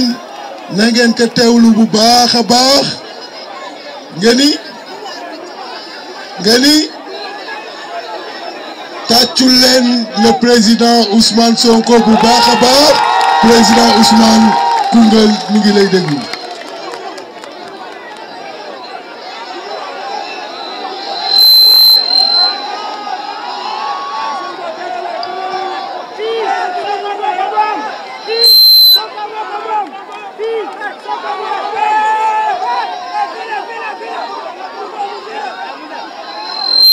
ngeen na ngeen ko teewlu bu baax a baax nga ni nga ni tàccul leen le président Ousmane Sonko bu baax a baax président Ousmane Koungheul mu ngi lay déglu.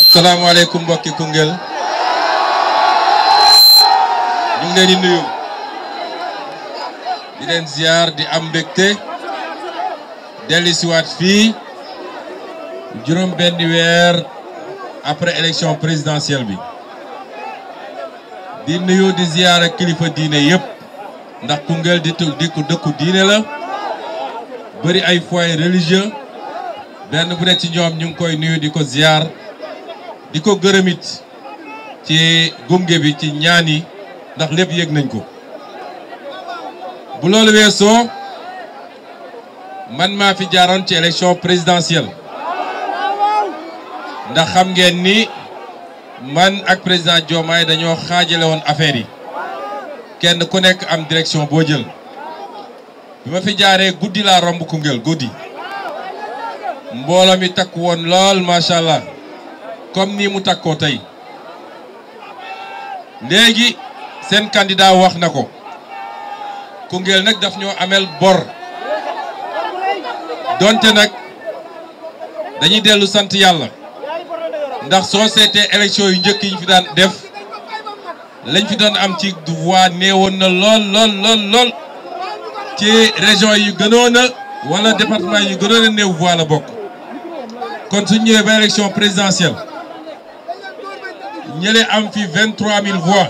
asalaamaaleykum mbokki Koungheul ñu ngi leen di nuyu di leen ziar di am mbégte dellusiwaat fii juróom benn weer après élection présidentielle bi di nuyu di ziar kilifa diine yépp ndax Koungheul di di dëkku diine la bëri ay foyers religieux benn bu nekk ci ñoom ñu ngi koy nuyu di ko ziar di ko gërëmit ci gunge bi ci ñaan yi ndax lépp yéeg nañ ko. bu loolu soo man maa fi jaaroon ci élection présidentielle ndax xam ngeen ni man ak président Diomaye dañoo xaajale woon affaire yi kenn ku nekk am direction boo jël. bi ma fi jaaree guddi laa romb Koungheul guddi mbooloo mi takk woon lool macha allah comme nii mu takkoo tey léegi seen candidat wax na ko Koungheul nag daf ñoo ameel bor donte nag dañuy dellu sant yàlla ndax soo seetee élection yu njëkk yi fi daan def lañ fi doon am ci voix néewoon na lool lool lool lool. ci région yi gënoon a wala département yi gënoon a néew voix la bokk kon suñ ñëwee ba élection présidentielle ñële am fi vingt trois mille voix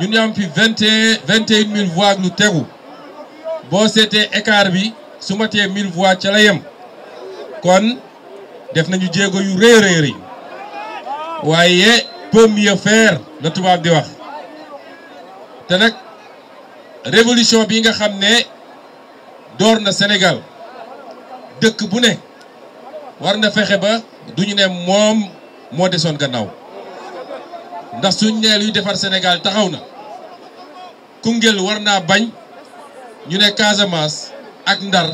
ñun ñu am fi vingt et vingt et une mille voix ak lu tegu boo seetee écart bi su matee mille voix ca la yem kon def nañu jéego yu rëy rëy rëy waaye peut mieux faire la tubaab di wax te nag révolution bi nga xam ne door na Sénégal dëkk bu ne war na fexe ba du ñu ne moom moo desoon gannaaw ndax suñ nee luy defar Sénégal taxaw na Koungheul war naa bañ ñu ne Casamance ak Ndar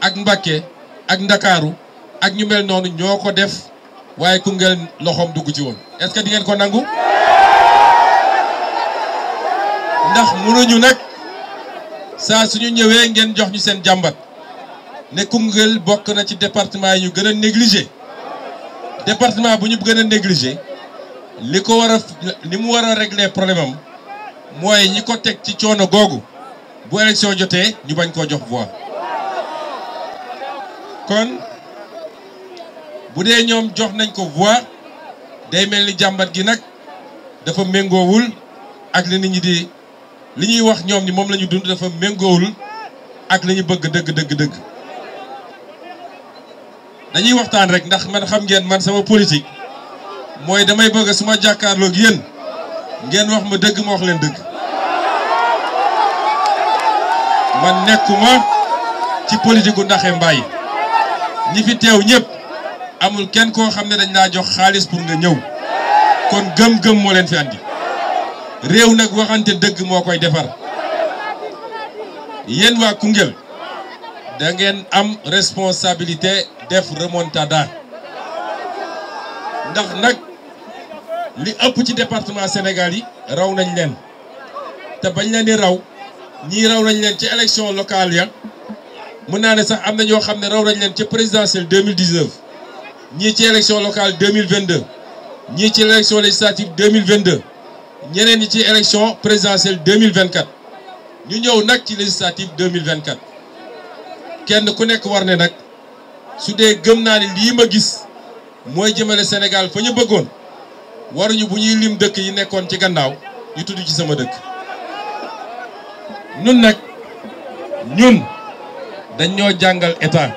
ak Mbacké ak Ndakaaru ak ñu mel noonu ñoo ko def waaye Koungheul loxoom dugg ci woon est-ce di ngeen ko nangu ndax mënuñu nag saa ñu ñëwee ngeen jox ñu seen jàmbat ne Koungheul bokk na ci département yi ñu gën a négligé département bu ñu gën a négligé li ko war li mu war a régler problème am mooy ñi ko teg ci coono googu bu élection jotee ñu bañ koo jox voix kon bu dee ñoom jox nañ ko voix day mel ni jàmbat gi nag dafa méngoowul ak li nit ñi di li ñuy wax ñoom ni moom la ñu dund dafa méngoowul ak la ñu bëgg dëgg dëgg dëgg dañuy waxtaan rek ndax man xam ngeen man sama politique mooy damay bëgg suma ma jàkkaarloog yéen ngeen wax ma dëgg ma wax leen dëgg man nekkuma ci politique gu ndaxe mbaay ñi fi teew ñëpp amul kenn koo xam ne dañ laa jox xaalis pour nga ñëw kon gëm-gëm moo leen fi andi réew nag waxante dëgg moo koy defar yéen waa Koungheul da ngeen am responsabilité def remontada ndax nag li ëpp ci département Sénégal yi raw nañ leen te bañ leen di raw ñii raw nañ leen ci élection locale ya mën naa ne sax am na ñoo xam ne raw nañ leen ci présidentielle 2019 ñii ci élection locale 2022 ñii ci élection législative 2022 ñeneen yi ci élection présidentielle 2024 ñu ñëw nag ci législative 2024 kenn ku nekk war ne nag su dee gëm naa ne lii ma gis mooy jëmale Sénégal fa ñu bëggoon waruñu bu ñuy lim dëkk yi nekkoon ci gannaaw ñu tudd ci sama dëkk ñun nag ñun dañ ñoo jàngal état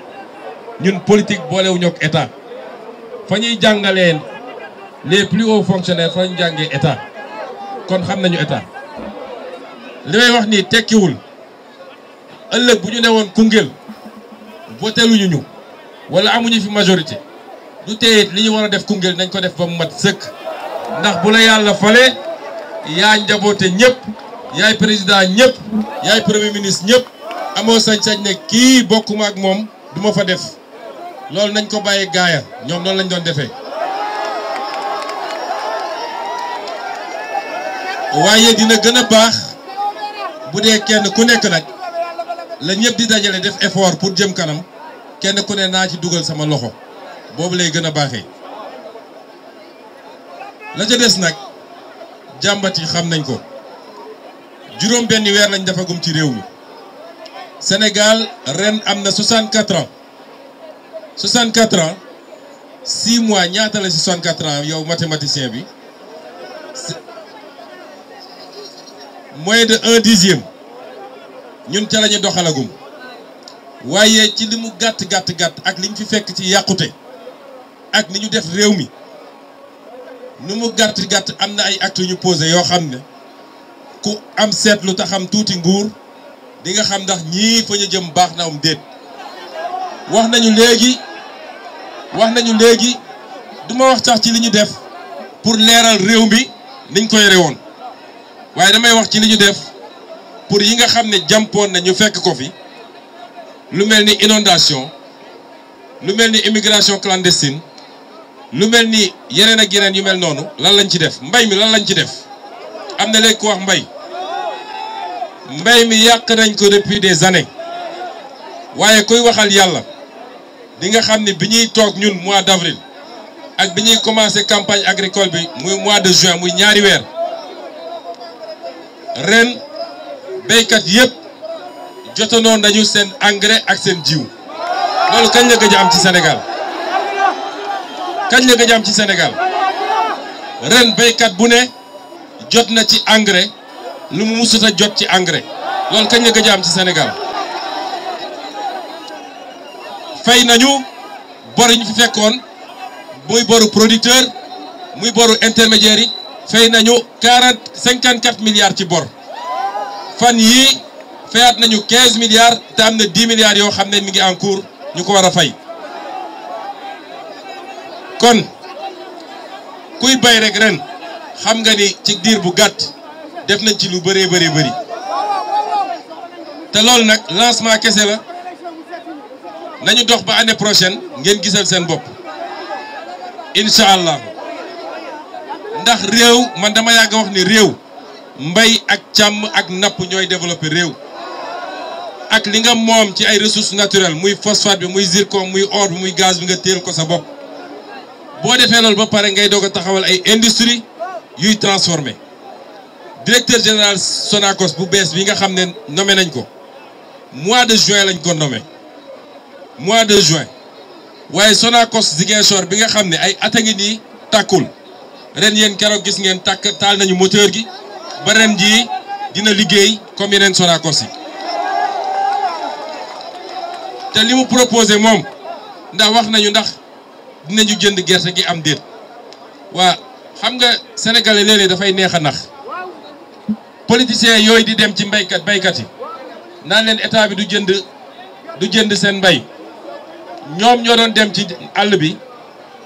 ñun politique boolewuñu ak état fa ñuy jàngalee les plus hauts fonctionnaires fa ñu jàngee état kon xam nañu état li may wax nii tekkiwul ëllëg bu ñu ne woon Koungheul voteluñu ñu wala amuñu fi majorité du teyit li ñu war a def Koungheul nañ ko def ba mu mat sëkk ndax bu la yàlla fale yaa njaboote ñëpp yaay président ñëpp yaay premier ministre ñëpp amoo sañ-sañ ne kii bokkuma ak moom duma fa def loolu nañ ko bàyyi gaaya ñoom noonu lañ doon defee waaye dina gën a baax bu dee kenn ku nekk nag la ñëpp di dajale def effort pour jëm kanam kenn ku ne naa ci dugal sama loxo boobu lay gën a baaxee la ca des nag jàmbat yi xam nañ ko juróom benn weer lañ defagum ci réew mi Sénégal ren am na 64 ans 64 ans 6 mois ñaata la 64 ans yow mathématicien bi. moins de un dixième ñun ca la ñu doxalagum waaye ci li mu gàtt gàtt gàtt ak liñ fi fekk ci yàqute ak ni ñu def réew mi nu mu gàtt gàtt am na ay actes ñu posé yoo xam ne ku am seetlu ta xam tuuti nguur di nga xam ndax ñii fa ñu jëm baax na am déet wax nañu léegi wax nañu léegi duma wax sax ci li ñu def pour leeral réew mi niñ koy réewoon waaye damay wax ci li ñu def pour yi nga xam ne jàmpoon na ñu fekk ko fi lu mel ni inondation lu mel ni immigration clandestine lu mel ni yeneen ak yeneen yu mel noonu lan lañ ci def mbay mi lan lañ ci def am na léegi ku wax mbay mbay mi yàq nañ ko depuis des années waaye koy waxal yàlla di nga xam ne bi ñuy toog ñun mois d'avril ak bi ñuy commencer campagne agricole bi muy mois de juin muy ñaari weer ren béykat yëpp jotonoon nañu seen engrais ak seen jiw loolu kañ la gëj am ci senegal kañ la am ci Sénégal ren béykat bu ne jot na ci engrais lu mu musut a jot ci engrais lool kañ la gëj am ci senegal fay nañu bor yi ñu fi fekkoon muy boru producteur muy boru intermédiaire yi fay nañu quarante cinquante quatre milliards ci bor fan yii fayaat nañu quinze milliards te am na dix yoo xam ne mi ngi en ñu ko war a fay kon kuy bay rek ren xam nga ni ci diir bu gàtt def nañ ci lu bëree bëree bëri te loolu nag lancement kese la nañu dox ba année prochaine ngeen gisal seen bopp incha allah. ndax réew man dama yàgg wax ni réew mbay ak càmm ak napp ñooy développé réew ak li nga moom ci ay ressources naturel muy phosphate bi muy zircon muy or muy gaz bi nga téel ko sa bopp boo defee loolu ba pare ngay doog a taxawal ay industrie yuy transformé directeur général Sonacos bu bees bi nga xam ne nommé nañ ko mois de juin lañ ko nommé mois de juin waaye Sonacos Ziguinchor bi nga xam ne ay at a ngi nii tàkkul ren yéen keroog gis ngeen tàkk taal nañu moteur gi ba ren jii dina liggéey comme yeneen Sonacos si te li mu proposé moom ndax wax nañu ndax dina ñu jënd gerte gi am déet waa xam nga sénégalais léeg dafay neex a nax politiciens yooyu di dem ci mbaykat baykat yi naan leen état bi du jënd du jënd seen mbay ñoom ñoo doon dem ci àll bi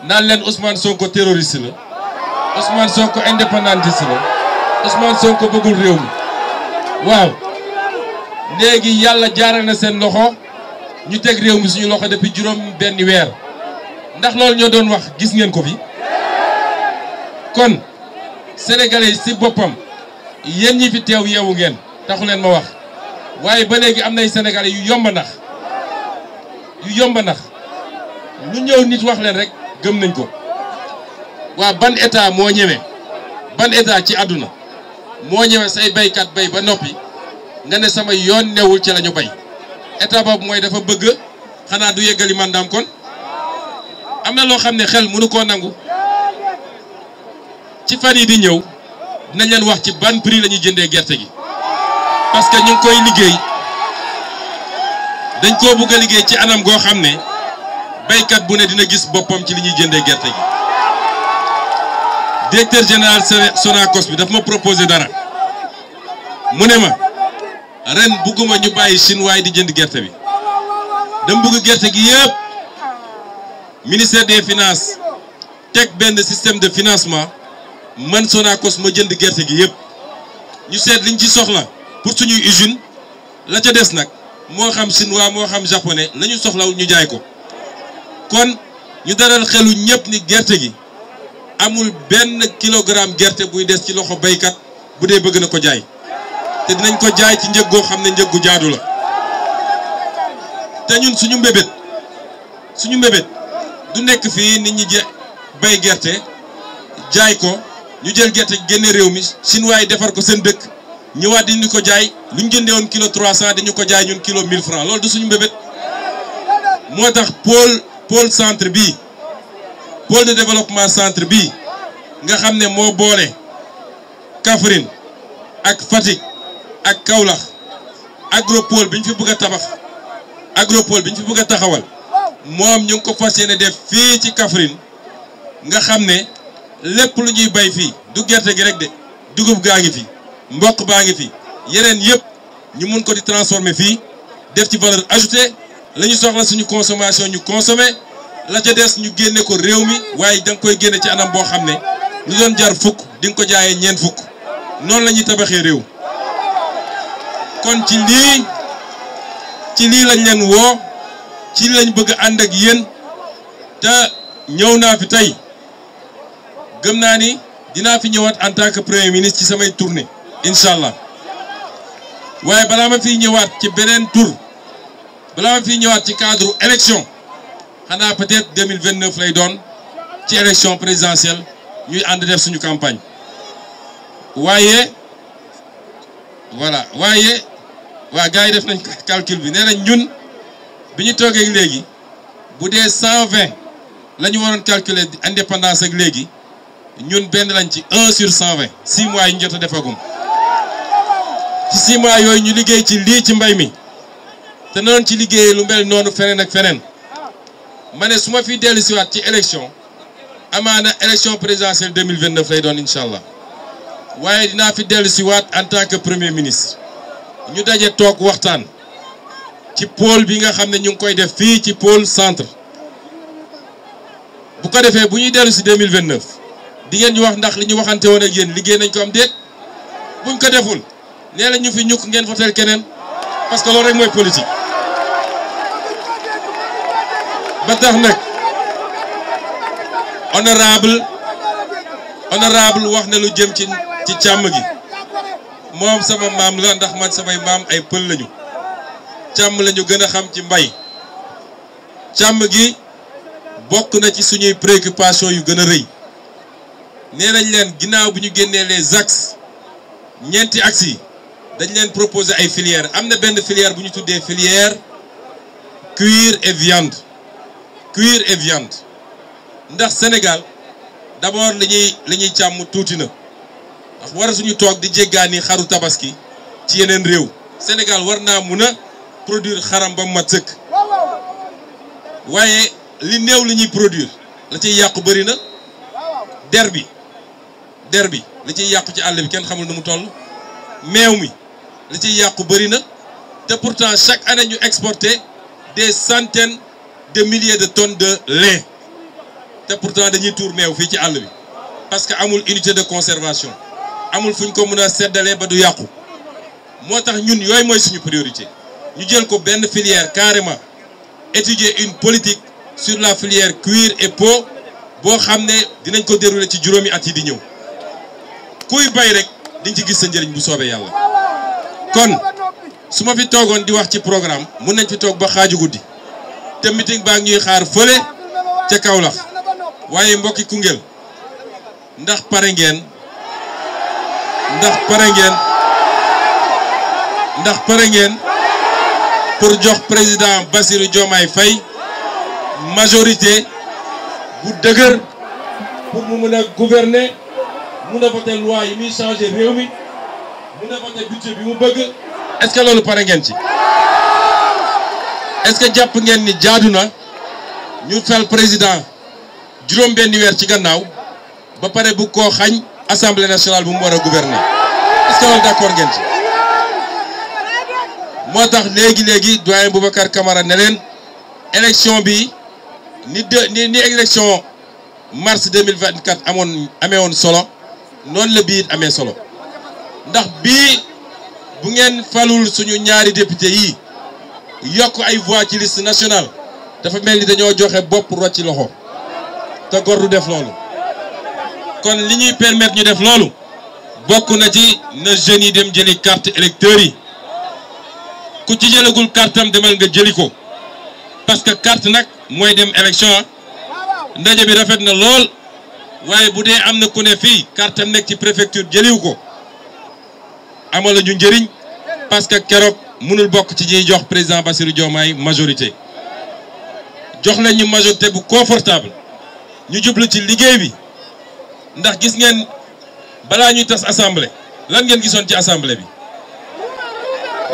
naan leen Ousmane Sonko terroriste la Ousmane Sonko indépendantiste la Ousmane Sonko bëggul réew mi waaw léegi yàlla jaarale na seen loxo ñu teg réew mi suñu loxo depuis juróom benni weer ndax loolu ñoo doon wax gis ngeen ko fi kon sénégalais si boppam yéen ñi fi teew yeewu ngeen taxu leen ma wax waaye ba léegi am nay sénégalais yu yomba nax yu yomba nax ñu ñëw nit wax leen rek gëm nañ ko waa ban état moo ñëwee ban état ci àdduna moo ñëwee say baykat bay ba noppi nga ne sama yoon newul ci la ñu bay état boobu mooy dafa bëgg xanaa du yeggali mandaam kon am na loo xam ne xel mu mënu ko nangu ci fan yi di ñëw dinañ leen wax ci ban prix la ñuy jëndee gerte gi parce que ñu ngi koy liggéey dañ koo bëgg liggéey ci anam goo xam ne baykat bu ne dina gis boppam ci li ñuy jëndee gerte gi directeur général Sonacos bi dafa ma proposé dara mu ne ma ren bugguma ñu bàyyi chinois yi di jënd gerte bi dama bugg gerte gi yëpp ministère des finance teg benn système de financement man Sonacos ma jënd gerte gi yëpp ñu seet liñ ci soxla pour suñuy usine la ca des nag moo xam chinois moo xam japonais la ñu soxlawul ñu jaay ko kon ñu dalal xelu ñëpp ni gerte gi amul benn kilogramme gerte buy des ci loxo baykat bu dee bëgg na ko jaay te dinañ ko jaay ci njëg goo xam ne njëggu jaadu la te ñun suñu mbébét suñu mbébét du nekk fii nit ñi je bay gerte jaay ko ñu jël gerte génne réew mi chinois yi defar ko seen dëkk ñëwaat di ñu ko jaay lu ñu jëndee woon kilo 300 dañu ko jaay ñun kilo 1000 francs loolu du suñu mbébét moo tax pôle pôle centre bii. pôle de développement centre bi nga xam ne moo boole Kaffrine ak Fatick ak Kaolack agropole bi ñu fi bëgg a tabax agropole bi ñu fi bëgg a taxawal moom ñu ngi ko fas yéene def fii ci Kaffrine nga xam ne lépp lu ñuy bay fii du gerte gi rek de dugub gaa ngi fi mboq baa ngi fi yeneen yëpp ñu mën ko di transformer fii def ci valeur ajoutée la soxla suñu consommation ñu consommer la ca des ñu génne ko réew mi waaye da koy génne ci anam boo xam ne lu doon jar fukk di nga ko jaayee ñeent fukk noonu lañuy ñuy tabaxee réew kon ci lii ci lii lañ leen woo ci lañ bëgg a ànd ak yéen te ñëw naa fi tey gëm naa ni dinaa fi ñëwaat en tant que premier ministre ci samay tournée incha allah waaye balaa ma fiy ñëwaat ci beneen tour balaa ma fiy ñëwaat ci cadre élection xanaa peut-être 2029 lay doon ci élection présidentielle ñuy ànd def suñu campagne waaye voilà waaye waa gars yi def nañ calcul bi nee nañ ñun bi ñu toogee léegi bu dee 120 la ñu waroon calculer indépendance ak léegi ñun benn lañ ci 1 sur 120 6 mois yi ñu jot a defagum ci 6 mois yooyu ñu liggéey ci lii ci mbay mi te noonu ci liggéeyee lu mel noonu feneen ak feneen. ma ne su ma fi dellu siwaat ci élection amaana élection présidentielle 2029 lay doon incha allah waaye dinaa fi dellu siwaat en que premier ministre ñu daje toog waxtaan ci pôle bi nga xam ne ñu ngi koy def fii ci pôle centre bu ko defee bu ñuy dellu si 2029 di ngeen ñu wax ndax li ñu waxante woon a yéen liggéey nañ ko am déet buñ ko deful nee la ñu fi ñukk ngeen votel keneen parce que loolu rek mooy politique ba tax nag honorable honorable wax na lu jëm ci ci càmm gi moom sama maam la ndax man samay maam ay pël lañu càmm lañu gën a xam ci mbay càmm gi bokk na ci suñuy préoccupation yu gën a rëy nee nañ leen ginnaaw bi ñu génnee les axes ñeenti axes yi dañ leen proposé ay filières am na benn filière bu ñu tuddee filière cuir et viande cuir et viande ndax Sénégal d'abord li ñuy li ñuy càmm tuuti na ndax war suñu toog di jéggaani xaru tabaski ci yeneen réew Sénégal war naa mun a produire xaram ba mat sëkk waaye li néew li ñuy produire la ciy yàqu bëri na der bi der bi li ciy yàqu ci àll bi kenn xamul nu mu toll meew mi la ciy yàqu bëri na te pourtant chaque année yu exporte des centaines de milliers de tonnes de lait te pourtant dañuy tuur meew fii ci àll bi parce que amul unité de conservation amul fu ñu ko mën a seddalee ba du yàqu moo tax ñun yooyu mooy suñu priorité ñu jël ko benn filière carrément étudier une politique sur la filière cuir et peau boo xam ne dinañ ko dérouler ci juróomi at yi di ñëw kuy bay rek diñ ci gis sa njëriñ bu soobee yàlla kon su ma fi toogoon di wax ci programme mun nañ fi toog ba xaaju guddi te meeting baa ngi xaar fële ca Kaolack waaye mbokki Koungheul ndax pare ngeen ndax pare ngeen ndax pare ngeen pour jox président Bassirou Diomaye fay majorité bu dëgër pour mu mën a gouverner mun a voter loi yi muy changer réew mi mun a voter budget bi mu bëgg est-ce loolu pare ngeen ci est que jàpp ngeen ni jaadu na ñu fal président juróom benn weer ci gannaaw ba pare bu ko xañ assemblée nationale bu mu war a gouverner est-ce d'accord ngeen ci moo tax léegi léegi doyen Boubacar Camara ne leen élection bi ni de ni ni élection mars 2024 amoon amee woon solo noonu la bii amee solo ndax bii bu ngeen falul suñu ñaari député yi yokk ay voix ci liste nationale dafa mel ni dañoo joxe bopp rocc loxo te góor du def loolu kon li ñuy permettre ñu def loolu bokk na ci na jeunes yi dem jëli carte électeurs yi ku ci jëlagul carte am demal nga jëli ko parce que carte nag mooy dem élection ah. ndaje bi rafet na lool waaye bu dee am na ku ne fii carte am nekk ci préfecture jëliwu ko amala ñu njëriñ parce keroog mënul bokk ci ñuy jox président Bassirou Diomaye majorité jox nañ ñu majorité bu confortable ñu jublu ci liggéey bi ndax gis ngeen balaa ñuy tas assemblée lan ngeen gisoon ci assemblée bi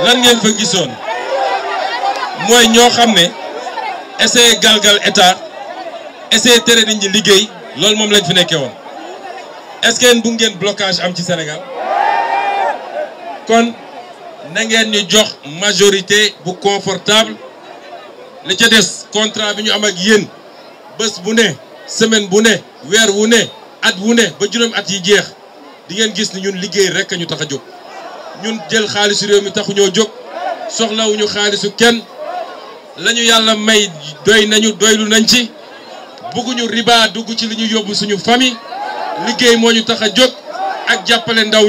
lan ngeen fa gisoon mooy ñoo xam ne essayer galgal état essayer tere nit ñi liggéey loolu moom lañ fi nekkee woon est-ce bu ngeen blocage am ci Sénégal kon. na ngeen ñu jox majorité bu confortable li ca des contrat bi ñu am ak yéen bés bu ne semaine bu ne weer wu ne at wu ne ba juróomi at yi jeex di ngeen gis ni ñun liggéey rek ñu tax a jóg ñun jël xaalisu réew mi taxuñoo jóg soxlawuñu xaalisu kenn lañu yàlla may doy nañu doylu nañ ci bëgguñu riba dugg ci li ñu yóbbu suñu famille liggéey moo ñu tax a jóg ak jàppale ndaw